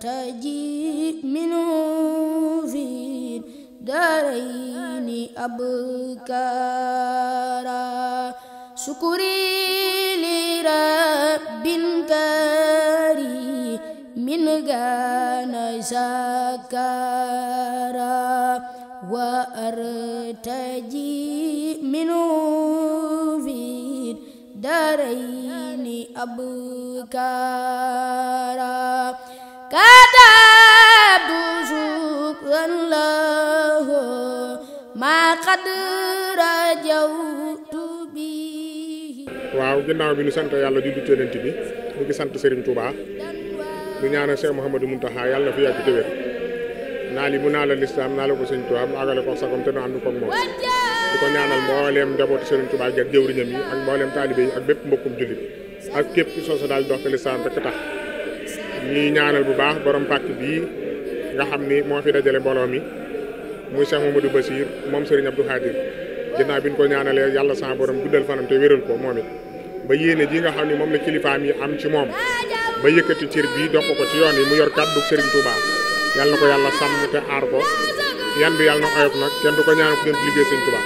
تجي منه في دارين أبكارا شكري لرب كريم من غنى زكارا وأرتجي منه في دارين أبكارا كتبت شكرا له ما قد رجوت به waaw ginnaaw bi ñu sant yàlla di duteenent bi ñu ngi sant Serigne Touba di ñaanal Cheikh Mouhamadou Mountakha yàlla na fi yàgg te naa li mu naa la lislaam naa la ko sëñ Touba mu àggale ko sakom te nu ànd moom di ko ñaanal mbooleem njabootu Serigne Touba ak jëwriñam yi ak mbooleem taalibe yi ak bépp mbokkum jullit ak képp ki soosa daal dox te lislaam rekk tax ñuy ñaanal bu baax borom pàkk bii nga xam ni moo fi dajale mbooloo mi muy Cheikh Mamadou Bassir moom Serigne Abdou Khadir ginnaaw bi ñu ko ñaanalee yàlla sa borom guddal fanam te wéral ko moom it ba yéene ji nga xam ni moom la kilifaam yi am ci moom ba yëkkati cër bii dox ko ci yoon yi mu yor kàddu bu baax yàlla na ko yàlla sàmm te aar ko yan bi yàlla na oyof nag kenn du ko ñaanal ko dem liggéey Serigne Touba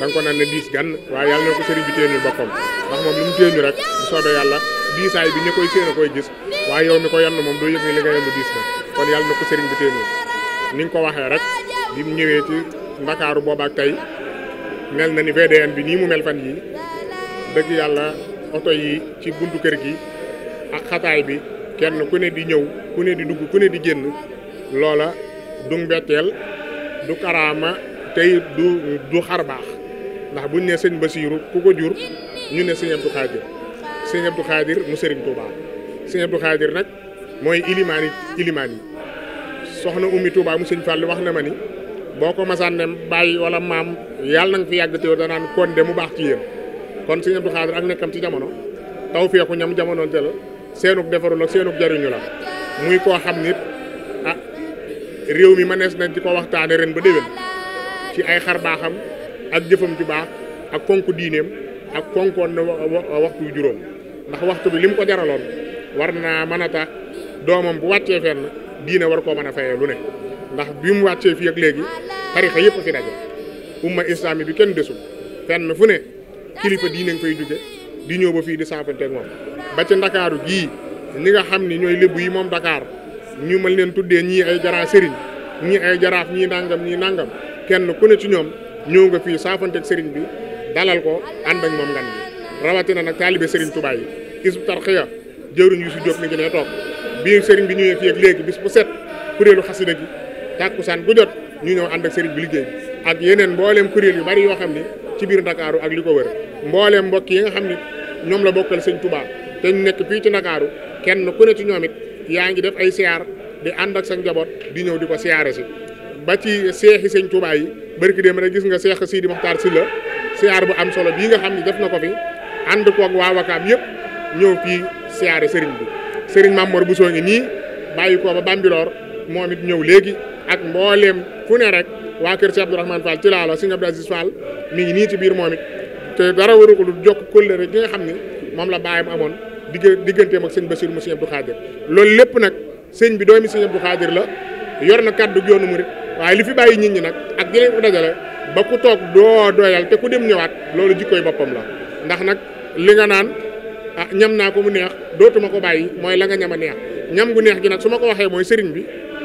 da nga ko naan ne diis gan waaye yàlla na ko Serigne bi téye ñu boppam ndax rek bu soobee diisaay bi ña koy séen a koy gis waaye yow mi ko yann moom doo yëg ni li nga yann diis na kon yàlla na ko sëriñ bi téen ni ko waxee rek bi mu ñëwee ci ndakaaru boobaak tey mel na ni VDN bi nii mu mel fan yii dëgg yàlla oto yi ci buntu kër gi ak xataay bi kenn ku ne di ñëw ku ne di dugg ku ne di génn loola du mbetteel du karaama tey du du xar baax ndax buñ ne sëñ Basiiru ku ko jur ñu ne sëñ Abdu Xaadir sëñ Abdou mu sëriñ Touba sëñ Abdou Khadir mooy ilimaan yi soxna ummi Touba mu sëñ wax na ma ni boo ko masaan bàyyi wala maam yàlla na nga fi yàgg te danaan kon baax ci yéen kon sëñ Abdou Khadir ak nekkam ci jamono taw ñam jamono te la seenug defaru jariñu la muy koo xam nit a ah, réew mi nees nañ ci ko waxtaane ren ba déwén ci ay xar baaxam ak jëfam ju baax ak fonk diineem ak fonkoon na juróom ndax waxtu bi lim ko jaraloon war naa mën a tax doomam bu wàccee fenn diine war koo mën a fayee lu ne ndax bi mu wàccee fii ak léegi tarixa yëpp fi daje umma islami bi kenn desul fenn fu ne kilifa diine nga fay jóge di ñëw ba fii di saafanteeg moom ba ci ndakaaru gii ñi nga xam ni ñooy lébu yi moom Dakar ñu mën leen tuddee ñii ay jaraa sëriñ ñii ay jaraaf ñii nàngam ñii nàngam kenn ku ne ci ñoom ñëw nga fii saafanteeg sëriñ bi dalal ko ànd ak moom bi rawatina nag taalibe Serigne Touba yi Hizbut Tarqiyyah jëwriñ yu si jóg mi ngi nee toog bii Serigne bi ñëwee fii ak léegi bis bu set kuréelu xasida gi tàkkusaan bu jot ñu ñëw ànd ak Serigne bi liggéey ak yeneen mbooleem kuréel yi bari yoo xam ni ci biir Ndakaaru ak li ko wër mbooleem mbokk yi nga xam ni ñoom la bokkal Sëñ Touba te ñu nekk fii ci Ndakaaru kenn ku ne ci ñoom it yaa ngi def ay siyaar di ànd ak sa njaboot di ñëw di ko siyaare si ba ci seexi Sëñ Touba yi barki dem rek gis nga seex Sidi Moxtaar Sylla siyaar bu am solo bii nga xam ni def na ko fi ànd kook waawakaam Wakaam yëpp ñëw fii siyaare sëriñ bi sëriñ Mamor Bousso ngi nii bàyyi ko ba Bambilor moom it ñëw léegi ak mbooleem fu ne rek waa kër si Abdourahmane Fall ci laalo si Abdou Aziz Fall mi ngi nii ci biir moom it te dara waru ko du jokk kóllëre gi nga xam ni moom la bàyyam amoon digg digganteem ak sëñ Bassirou mu sëñ Abdou Khadir loolu lépp nag sëñ bi doomi sëñ Abdou Khadir la yor na kàddu kaddu mu rek waaye li fi bàyyi nit ñi nag ak yeneen ko dajale ba ku toog doo doyal te ku dem ñëwaat loolu jikkooy boppam la ndax nag li nga naan ah ñam naa ko mu neex dootuma ko bàyyi mooy la nga ñam a neex ñam gu neex gi nag su ma ko waxee mooy sëriñ bi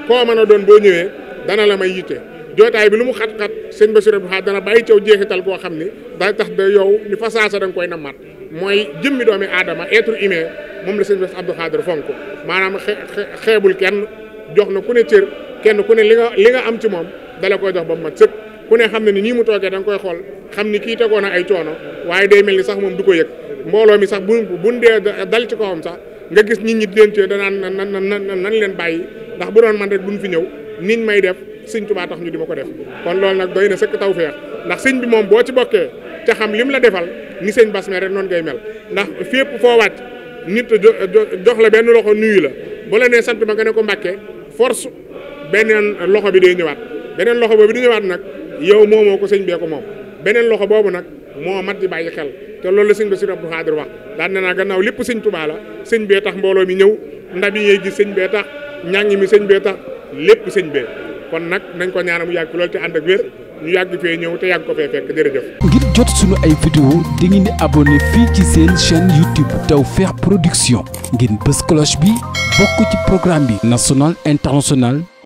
koo mën a doon boo ñëwee dana la may yitte jootaay bi lu mu xat-xat seen Bassirou Abdou Khadre dana bàyyi caw jeexital boo xam ni day tax da yow ni fa saasa da nga koy nammaat mooy jëmmi doomi aadama être humain moom la seen Bassirou Abdou Khadre fonk maanaam xeebul kenn jox na ku ne kenn ku ne li nga li nga am ci moom dala koy jox ba mu mat sëkk ku ne xam ne ni nii mu toogee danga koy xool xam ni kii tegoo na ay coono waaye day mel ni sax moom du ko yëg mbooloo mi sax bu bu dee dal ci kawam sax nga gis nit ñi di leen cee danaan nan nan nan leen bàyyi ndax bu doon man rek buñ fi ñëw niñ may def sëñ Tuubaa tax ñu di ma ko def kon loolu nag doy na sëkk tawfeex ndax sëñ bi moom boo ci bokkee te xam lim la defal ni sëñ Bass mel rek noon ngay mel ndax fépp foo wàcc nit jox la benn loxo nuyu la bu la nee sant ma nga ne ko mbàkkee force beneen loxo bi day ñëwaat beneen loxo boobu di ñëwaat nag yow moomoo ko sëñ bee ko moom beneen loxo boobu nag. moo mat di bàyyi xel te lool la sëñ Bassirou Abdou Khadre wax daan na naa gannaaw lépp sëñ Touba la sëñ bee tax mbooloo mi ñëw ndab yi ngay gis sëñ bee tax ñàngi mi sëñ bee tax lépp sëñ bee kon nag nañ ko ñaanal mu yàgg lool ci ànd ak wér ñu yàgg fee ñëw te yàgg ko fee fekk jërëjëf. ngir jot suñu ay vidéo di ngeen di abonné fii ci seen chaîne YouTube Tawfekh Production ngeen bës cloche bi bokk ci programme bi national international.